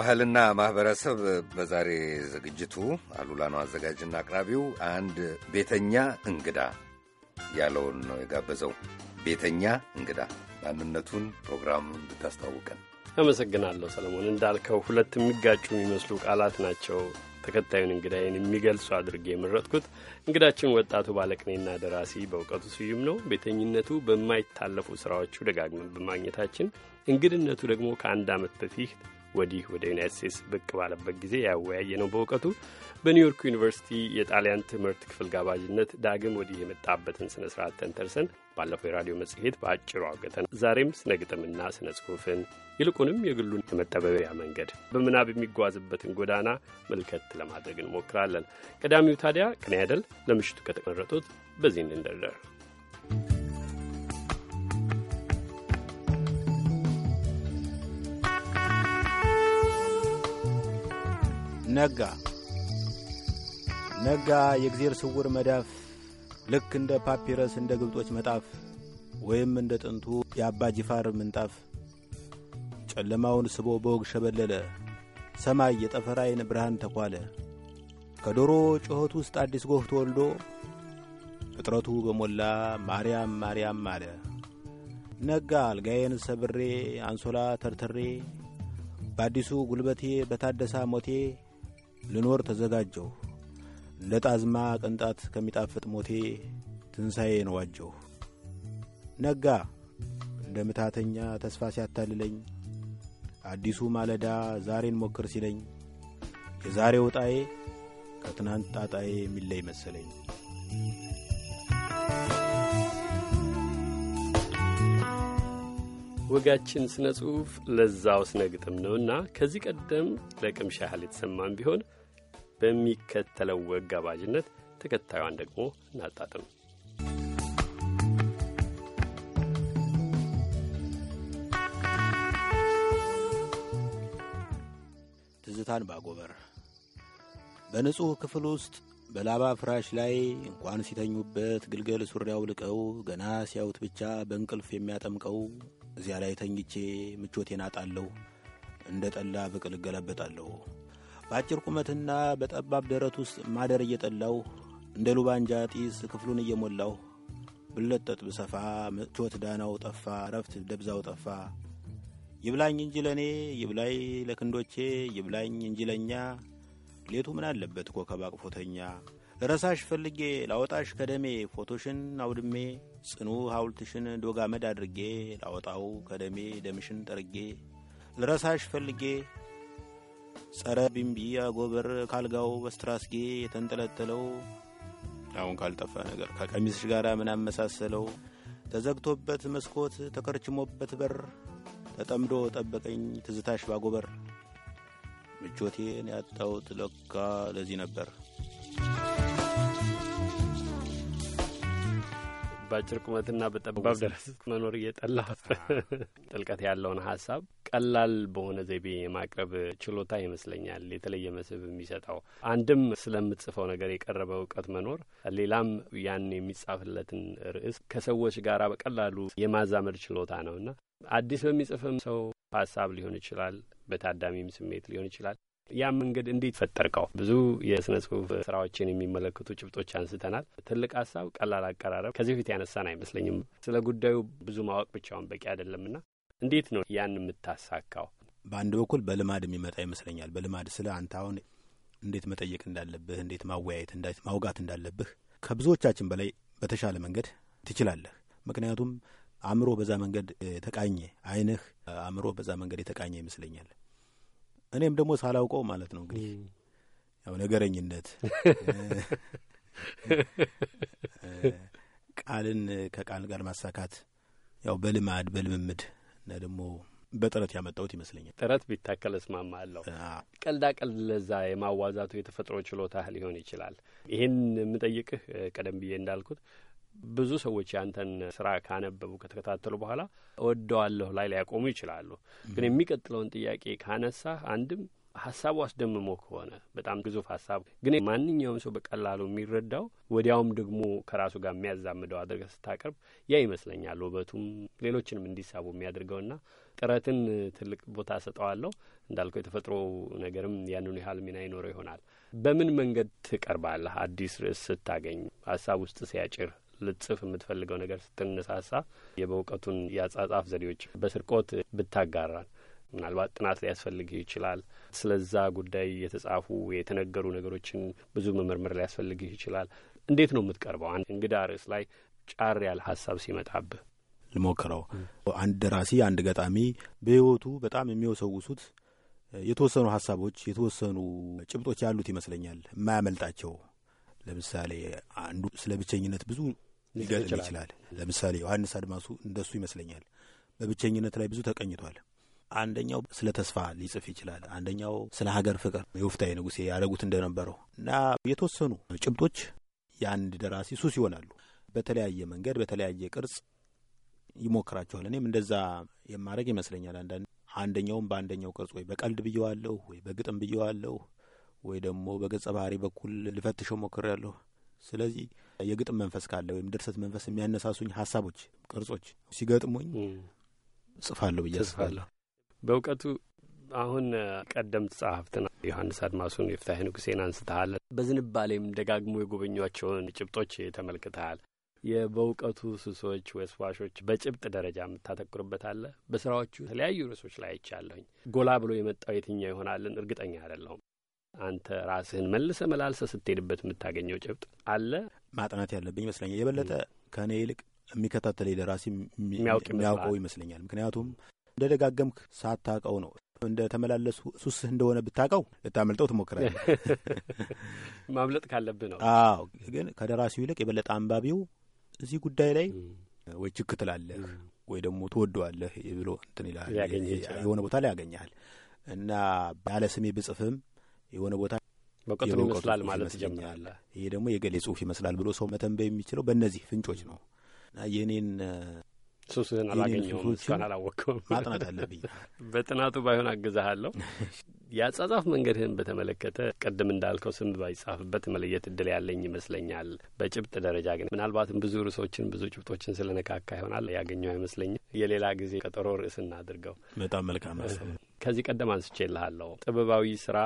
ባህልና ማህበረሰብ በዛሬ ዝግጅቱ አሉላ ነው አዘጋጅና አቅራቢው። አንድ ቤተኛ እንግዳ ያለውን ነው የጋበዘው። ቤተኛ እንግዳ ማንነቱን ፕሮግራም ብታስተዋውቀን። አመሰግናለሁ ሰለሞን። እንዳልከው ሁለት የሚጋጩ የሚመስሉ ቃላት ናቸው ተከታዩን እንግዳይን የሚገልጹ አድርጌ የመረጥኩት። እንግዳችን ወጣቱ ባለቅኔና ደራሲ በእውቀቱ ስዩም ነው። ቤተኝነቱ በማይታለፉ ስራዎቹ ደጋግመን በማግኘታችን እንግድነቱ ደግሞ ከአንድ ዓመት በፊት ወዲህ ወደ ዩናይት ስቴትስ ብቅ ባለበት ጊዜ ያወያየ ነው። በእውቀቱ በኒውዮርክ ዩኒቨርሲቲ የጣሊያን ትምህርት ክፍል ጋባዥነት ዳግም ወዲህ የመጣበትን ስነ ስርዓት ተንተርሰን ባለፈው የራዲዮ መጽሔት በአጭሩ አውገተን ዛሬም ስነ ግጥምና ስነ ጽሁፍን ይልቁንም የግሉን የመጠበቢያ መንገድ በምናብ የሚጓዝበትን ጎዳና መልከት ለማድረግ እንሞክራለን። ቀዳሚው ታዲያ ቅኔ አይደል? ለምሽቱ ከተመረጡት በዚህ እንደርደር። ነጋ ነጋ የእግዜር ስውር መዳፍ ልክ እንደ ፓፒረስ እንደ ግብጦች መጣፍ ወይም እንደ ጥንቱ የአባ ጅፋር ምንጣፍ ጨለማውን ስቦ በወግ ሸበለለ። ሰማይ የጠፈር ዓይን ብርሃን ተኳለ። ከዶሮ ጩኸት ውስጥ አዲስ ጎህ ተወልዶ ፍጥረቱ በሞላ ማርያም ማርያም አለ። ነጋ አልጋዬን ሰብሬ አንሶላ ተርትሬ በአዲሱ ጉልበቴ በታደሳ ሞቴ ልኖር ተዘጋጀሁ። ለጣዝማ ቅንጣት ከሚጣፍጥ ሞቴ ትንሣኤ ነዋጀሁ ነጋ እንደ ምታተኛ ተስፋ ሲያታልለኝ አዲሱ ማለዳ ዛሬን ሞክር ሲለኝ የዛሬው ጣዬ ከትናንት ጣጣዬ የሚለይ መሰለኝ። ወጋችን ስነ ጽሁፍ ለዛው ስነ ግጥም ነውና ከዚህ ቀደም ለቅምሻ ያህል የተሰማም ቢሆን በሚከተለው ወግ ጋባዥነት ተከታዩን ደግሞ እናጣጥም። ትዝታን ባጎበር በንጹሕ ክፍል ውስጥ በላባ ፍራሽ ላይ እንኳን ሲተኙበት ግልገል ሱሪ አውልቀው ገና ሲያዩት ብቻ በእንቅልፍ የሚያጠምቀው እዚያ ላይ ተኝቼ ምቾቴን አጣለሁ። እንደ ጠላ ብቅል እገለበጣለሁ። በአጭር ቁመትና በጠባብ ደረት ውስጥ ማደር እየጠላሁ እንደ ሉባንጃ ጢስ ክፍሉን እየሞላሁ ብለጠጥ ብሰፋ ምቾት ዳናው ጠፋ፣ እረፍት ደብዛው ጠፋ። ይብላኝ እንጂ ለእኔ ይብላይ ለክንዶቼ ይብላኝ እንጂ ለእኛ ሌቱ ምን አለበት ኮከብ አቅፎተኛ ልረሳሽ ፈልጌ ላወጣሽ ከደሜ ፎቶሽን አውድሜ ጽኑ ሐውልትሽን ዶጋመድ አድርጌ ላወጣው ከደሜ ደምሽን ጠርጌ ልረሳሽ ፈልጌ ጸረ ቢምቢ አጎበር ካልጋው በስትራስጌ የተንጠለጠለው አሁን ካልጠፋ ነገር ከቀሚስሽ ጋር ምን አመሳሰለው ተዘግቶበት መስኮት ተከርችሞበት በር ተጠምዶ ጠበቀኝ ትዝታሽ ባጎበር ምቾቴን ያጣሁት ለካ ለዚህ ነበር። በአጭር ቁመትና በጠባብ ደረስ መኖር እየጠላ ጥልቀት ያለውን ሀሳብ ቀላል በሆነ ዘይቤ የማቅረብ ችሎታ ይመስለኛል የተለየ መስህብ የሚሰጠው። አንድም ስለምትጽፈው ነገር የቀረበ እውቀት መኖር፣ ሌላም ያን የሚጻፍለትን ርዕስ ከሰዎች ጋር በቀላሉ የማዛመድ ችሎታ ነውና አዲስ በሚጽፍም ሰው ሀሳብ ሊሆን ይችላል፣ በታዳሚም ስሜት ሊሆን ይችላል። ያ መንገድ እንዴት ፈጠርከው? ብዙ የስነ ጽሁፍ ስራዎችን የሚመለከቱ ጭብጦች አንስተናል። ትልቅ ሀሳብ፣ ቀላል አቀራረብ ከዚህ በፊት ያነሳን አይመስለኝም። ስለ ጉዳዩ ብዙ ማወቅ ብቻውን በቂ አይደለምና እንዴት ነው ያን የምታሳካው? በአንድ በኩል በልማድ የሚመጣ ይመስለኛል። በልማድ ስለ አንተ አሁን እንዴት መጠየቅ እንዳለብህ፣ እንዴት ማወያየት፣ እንዴት ማውጋት እንዳለብህ ከብዙዎቻችን በላይ በተሻለ መንገድ ትችላለህ። ምክንያቱም አእምሮ በዛ መንገድ የተቃኘ አይንህ አእምሮ በዛ መንገድ የተቃኘ ይመስለኛል። እኔም ደግሞ ሳላውቀው ማለት ነው እንግዲህ ያው ነገረኝነት ቃልን ከቃል ጋር ማሳካት ያው በልማድ በልምምድ እና ደግሞ በጥረት ያመጣሁት ይመስለኛል። ጥረት ቢታከል እስማማለሁ። ቀልዳ ቀልድ ለዛ የማዋዛቱ የተፈጥሮ ችሎታህ ሊሆን ይችላል። ይህን የምጠይቅህ ቀደም ብዬ እንዳልኩት ብዙ ሰዎች ያንተን ስራ ካነበቡ ከተከታተሉ በኋላ እወደዋለሁ ላይ ሊያቆሙ ይችላሉ። ግን የሚቀጥለውን ጥያቄ ካነሳህ አንድም ሀሳቡ አስደምሞ ከሆነ በጣም ግዙፍ ሀሳብ ግን ማንኛውም ሰው በቀላሉ የሚረዳው ወዲያውም ደግሞ ከራሱ ጋር የሚያዛምደው አድርገህ ስታቀርብ ያ ይመስለኛል ውበቱም ሌሎችንም እንዲሳቡ የሚያደርገውና ጥረትን ትልቅ ቦታ ሰጠዋለሁ እንዳልከው የተፈጥሮ ነገርም ያንኑ ያህል ሚና ይኖረው ይሆናል። በምን መንገድ ትቀርባለህ? አዲስ ርዕስ ስታገኝ ሀሳብ ውስጥ ሲያጭር ልጽፍ የምትፈልገው ነገር ስትነሳሳ የበእውቀቱን የአጻጻፍ ዘዴዎች በስርቆት ብታጋራል። ምናልባት ጥናት ሊያስፈልግህ ይችላል። ስለዛ ጉዳይ የተጻፉ የተነገሩ ነገሮችን ብዙ መመርመር ሊያስፈልግህ ይችላል። እንዴት ነው የምትቀርበው? እንግዳ ርዕስ ላይ ጫር ያለ ሀሳብ ሲመጣብህ ልሞክረው። አንድ ደራሲ፣ አንድ ገጣሚ በህይወቱ በጣም የሚወሰውሱት የተወሰኑ ሀሳቦች የተወሰኑ ጭብጦች ያሉት ይመስለኛል። የማያመልጣቸው ለምሳሌ አንዱ ስለ ብቸኝነት ብዙ ሊገጥም ይችላል። ለምሳሌ ዮሐንስ አድማሱ እንደሱ ይመስለኛል። በብቸኝነት ላይ ብዙ ተቀኝቷል። አንደኛው ስለ ተስፋ ሊጽፍ ይችላል። አንደኛው ስለ ሀገር ፍቅር የወፍታዊ ንጉሴ ያደረጉት እንደነበረው እና የተወሰኑ ጭብጦች የአንድ ደራሲ ሱስ ይሆናሉ። በተለያየ መንገድ በተለያየ ቅርጽ ይሞክራቸዋል። እኔም እንደዛ የማድረግ ይመስለኛል። አንዳንድ አንደኛውም በአንደኛው ቅርጽ ወይ በቀልድ ብየዋለሁ፣ ወይ በግጥም ብየዋለሁ፣ ወይ ደግሞ በገጸ ባህሪ በኩል ልፈትሸው ሞክሬያለሁ። ስለዚህ የግጥም መንፈስ ካለ ወይም ድርሰት መንፈስ የሚያነሳሱኝ ሀሳቦች፣ ቅርጾች ሲገጥሙኝ ጽፋለሁ ብዬ አስባለሁ። በእውቀቱ አሁን ቀደምት ጸሐፍትን ዮሐንስ አድማሱን፣ የፍታሄ ንጉሴን አንስተሃል። በዝንባሌም ደጋግሞ የጎበኟቸውን ጭብጦች ተመልክተሃል። የበእውቀቱ ስሶች፣ ወስዋሾች በጭብጥ ደረጃ የምታተኩርበት አለ። በስራዎቹ የተለያዩ ርዕሶች ላይ አይቻለሁኝ። ጎላ ብሎ የመጣው የትኛው ይሆናልን እርግጠኛ አይደለሁም። አንተ ራስህን መልሰ መላልሰ ስትሄድበት የምታገኘው ጭብጥ አለ። ማጥናት ያለብኝ ይመስለኛል። የበለጠ ከእኔ ይልቅ የሚከታተለኝ ደራሲ የሚያውቀው ይመስለኛል። ምክንያቱም እንደ ደጋገምክ ሳታውቀው ነው እንደ ተመላለሱ ሱስህ እንደሆነ ብታውቀው ልታመልጠው ትሞክራለህ። ማምለጥ ካለብህ ነው። አዎ፣ ግን ከደራሲው ይልቅ የበለጠ አንባቢው እዚህ ጉዳይ ላይ ወይ ችክ ትላለህ ወይ ደግሞ ትወደዋለህ ብሎ እንትን ይላል። የሆነ ቦታ ላይ ያገኘሃል እና ያለ ስሜ ብጽፍም የሆነ ቦታ በውቀቱ ይመስላል ማለት ይጀምራል። ይሄ ደግሞ የገሌ ጽሁፍ ይመስላል ብሎ ሰው መተንበይ የሚችለው በእነዚህ ፍንጮች ነው እና የእኔን ሱስህን አላገኘሁም እስካሁን አላወቅኩም። ማጥናት አለብኝ። በጥናቱ ባይሆን አግዛሃለሁ። የአጻጻፍ መንገድህን በተመለከተ ቅድም እንዳልከው ስም ባይጻፍበት መለየት እድል ያለኝ ይመስለኛል። በጭብጥ ደረጃ ግን ምናልባትም ብዙ ርዕሶችን ብዙ ጭብጦችን ስለነካካ ይሆናል ያገኘው አይመስለኝም። የሌላ ጊዜ ቀጠሮ ርዕስ እናድርገው። በጣም መልካም። ከዚህ ቀደም አንስቼ ልሃለሁ ጥበባዊ ስራ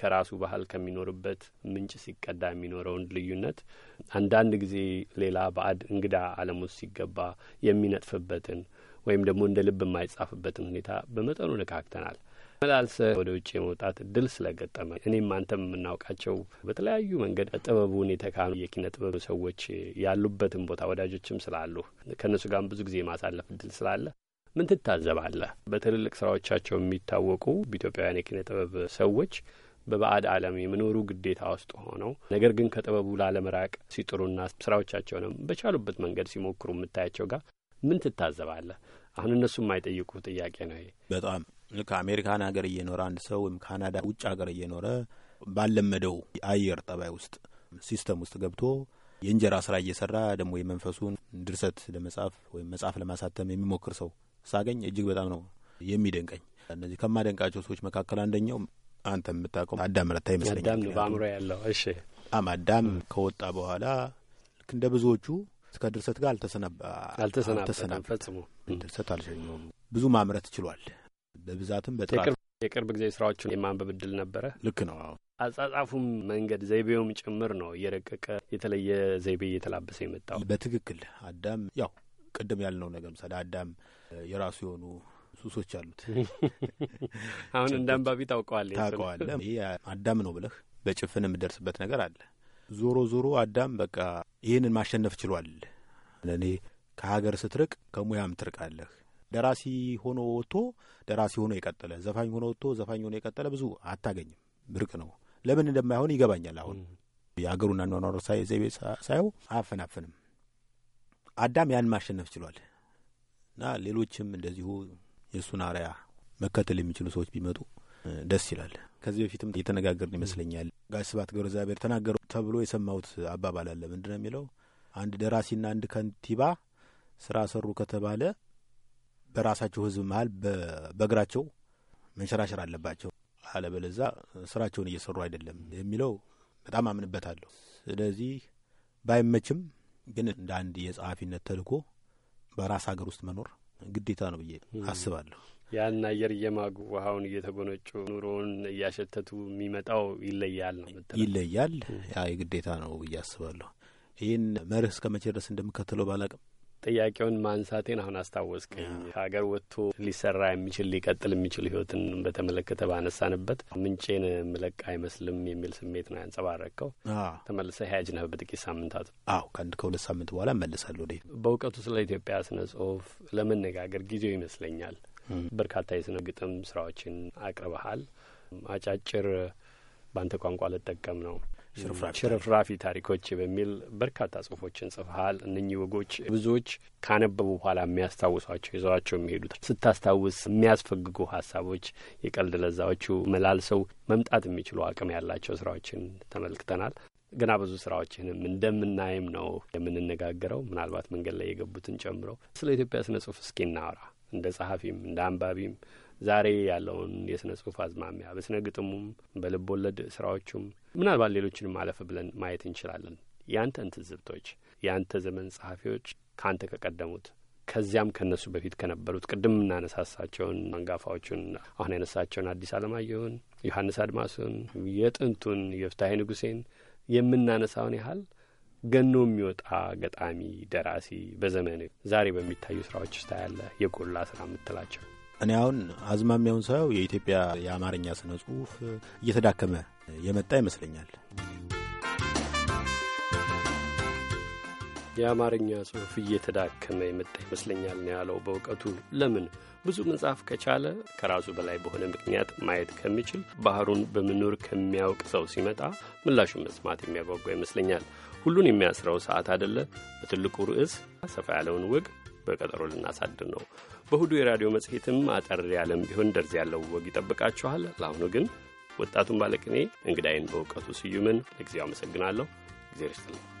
ከራሱ ባህል ከሚኖርበት ምንጭ ሲቀዳ የሚኖረውን ልዩነት አንዳንድ ጊዜ ሌላ ባዕድ እንግዳ ዓለም ውስጥ ሲገባ የሚነጥፍበትን ወይም ደግሞ እንደ ልብ የማይጻፍበትን ሁኔታ በመጠኑ ነካክተናል። መላልሰ ወደ ውጭ የመውጣት እድል ስለገጠመ እኔም አንተም የምናውቃቸው በተለያዩ መንገድ ጥበቡን የተካኑ የኪነ ጥበብ ሰዎች ያሉበትን ቦታ ወዳጆችም ስላሉ ከእነሱ ጋርም ብዙ ጊዜ የማሳለፍ እድል ስላለ ምን ትታዘባለህ? በትልልቅ ስራዎቻቸው የሚታወቁ በኢትዮጵያውያን የኪነ ጥበብ ሰዎች በባዕድ ዓለም የመኖሩ ግዴታ ውስጥ ሆነው ነገር ግን ከጥበቡ ላለመራቅ ሲጥሩና ስራዎቻቸውንም በቻሉበት መንገድ ሲሞክሩ የምታያቸው ጋር ምን ትታዘባለህ? አሁን እነሱ የማይጠይቁ ጥያቄ ነው ይሄ። በጣም አሜሪካን ሀገር እየኖረ አንድ ሰው ወይም ካናዳ ውጭ ሀገር እየኖረ ባለመደው አየር ጠባይ ውስጥ ሲስተም ውስጥ ገብቶ የእንጀራ ስራ እየሰራ ደግሞ የመንፈሱን ድርሰት ለመጻፍ ወይም መጽሐፍ ለማሳተም የሚሞክር ሰው ሳገኝ እጅግ በጣም ነው የሚደንቀኝ። እነዚህ ከማደንቃቸው ሰዎች መካከል አንደኛው አንተ የምታውቀው አዳም ረታ ይመስለኛል። አዳም በአእምሮ ያለው። እሺ አማዳም ከወጣ በኋላ ልክ እንደ ብዙዎቹ እስከ ድርሰት ጋር አልተሰናአልተሰናአልተሰናም ፈጽሞ ድርሰት አልሸኘውም። ብዙ ማምረት ችሏል። በብዛትም በጥራት የቅርብ ጊዜ ስራዎቹን የማንበብ እድል ነበረ። ልክ ነው። አጻጻፉም መንገድ ዘይቤውም ጭምር ነው እየረቀቀ የተለየ ዘይቤ እየተላበሰ የመጣው። በትክክል አዳም ያው ቅድም ያልነው ነገር ምሳሌ አዳም የራሱ የሆኑ ሱሶች አሉት። አሁን እንደ አንባቢ ታውቀዋለህ ታውቀዋለህ። ይህ አዳም ነው ብለህ በጭፍን የምደርስበት ነገር አለ። ዞሮ ዞሮ አዳም በቃ ይህንን ማሸነፍ ችሏል። እኔ ከሀገር ስትርቅ ከሙያም ትርቃለህ። ደራሲ ሆኖ ወጥቶ ደራሲ ሆኖ የቀጠለ ዘፋኝ ሆኖ ወጥቶ ዘፋኝ ሆኖ የቀጠለ ብዙ አታገኝም። ብርቅ ነው። ለምን እንደማይሆን ይገባኛል። አሁን የሀገሩን አኗኗር ዘይቤ ሳየው አያፈናፍንም። አዳም ያን ማሸነፍ ችሏል እና ሌሎችም እንደዚሁ የእሱን አርያ መከተል የሚችሉ ሰዎች ቢመጡ ደስ ይላል። ከዚህ በፊትም እየተነጋገርን ይመስለኛል። ጋሽ ስብሐት ገብረ እግዚአብሔር ተናገሩ ተብሎ የሰማሁት አባባል አለ። ምንድነው የሚለው? አንድ ደራሲና አንድ ከንቲባ ስራ ሰሩ ከተባለ በራሳቸው ህዝብ መሀል በእግራቸው መንሸራሸር አለባቸው፣ አለበለዛ ስራቸውን እየሰሩ አይደለም የሚለው በጣም አምንበታለሁ። ስለዚህ ባይመችም ግን እንደ አንድ የጸሐፊነት ተልእኮ በራስ ሀገር ውስጥ መኖር ግዴታ ነው ብዬ አስባለሁ። ያን አየር እየማጉ ውሃውን እየተጎነጩ ኑሮውን እያሸተቱ የሚመጣው ይለያል ነው ይለያል። ያ የግዴታ ነው ብዬ አስባለሁ። ይህን መርህ እስከ መቼ ድረስ እንደምከተለው ባላቅም ጥያቄውን ማንሳቴን አሁን አስታወስከኝ። ከሀገር ወጥቶ ሊሰራ የሚችል ሊቀጥል የሚችል ህይወትን በተመለከተ ባነሳንበት ምንጬን ምለቅ አይመስልም የሚል ስሜት ነው ያንጸባረቅከው። ተመልሰ ሀያጅ ነህ በጥቂት ሳምንታት? አዎ ከአንድ ከሁለት ሳምንት በኋላ እመልሳለሁ። ወደ በእውቀቱ ስለ ኢትዮጵያ ስነ ጽሁፍ ለመነጋገር ጊዜው ይመስለኛል። በርካታ የስነ ግጥም ስራዎችን አቅርበሃል። አጫጭር በአንተ ቋንቋ ልጠቀም ነው ሽርፍራፊ ታሪኮች በሚል በርካታ ጽሁፎችን ጽፈሃል። እነኚህ ወጎች ብዙዎች ካነበቡ በኋላ የሚያስታውሷቸው ይዘዋቸው የሚሄዱ ስታስታውስ የሚያስፈግጉ ሀሳቦች፣ የቀልድ ለዛዎቹ መላልሰው መምጣት የሚችሉ አቅም ያላቸው ስራዎችን ተመልክተናል። ገና ብዙ ስራዎችንም እንደምናይም ነው የምንነጋገረው፣ ምናልባት መንገድ ላይ የገቡትን ጨምሮ። ስለ ኢትዮጵያ ስነ ጽሁፍ እስኪ እናወራ እንደ ጸሐፊም እንደ አንባቢም ዛሬ ያለውን የስነ ጽሁፍ አዝማሚያ በስነ ግጥሙም በልብ ወለድ ስራዎቹም ምናልባት ሌሎችንም አለፍ ብለን ማየት እንችላለን። ያንተ እንትዝብቶች ያንተ ዘመን ጸሐፊዎች ከአንተ ከቀደሙት ከዚያም ከእነሱ በፊት ከነበሩት ቅድም እናነሳሳቸውን አንጋፋዎቹን አሁን ያነሳቸውን አዲስ አለማየሁን፣ ዮሐንስ አድማሱን፣ የጥንቱን የፍታሄ ንጉሴን የምናነሳውን ያህል ገኖ የሚወጣ ገጣሚ፣ ደራሲ በዘመን ዛሬ በሚታዩ ስራዎች ውስጥ ያለ የጎላ ስራ የምትላቸው እኔ አሁን አዝማሚያውን ሳየው የኢትዮጵያ የአማርኛ ስነ ጽሁፍ እየተዳከመ የመጣ ይመስለኛል። የአማርኛ ጽሁፍ እየተዳከመ የመጣ ይመስለኛል ነው ያለው። በእውቀቱ ለምን ብዙ መጽሐፍ ከቻለ ከራሱ በላይ በሆነ ምክንያት ማየት ከሚችል ባህሩን በምኖር ከሚያውቅ ሰው ሲመጣ ምላሹን መስማት የሚያጓጓ ይመስለኛል። ሁሉን የሚያስረው ሰዓት አደለ። በትልቁ ርዕስ ሰፋ ያለውን ወግ በቀጠሮ ልናሳድር ነው። በሁዱ የራዲዮ መጽሔትም አጠር ያለም ቢሆን ደርዝ ያለው ወግ ይጠብቃችኋል። ለአሁኑ ግን ወጣቱን ባለቅኔ እንግዳይን በእውቀቱ ስዩምን ለጊዜው አመሰግናለሁ። ጊዜ ርስት ነው።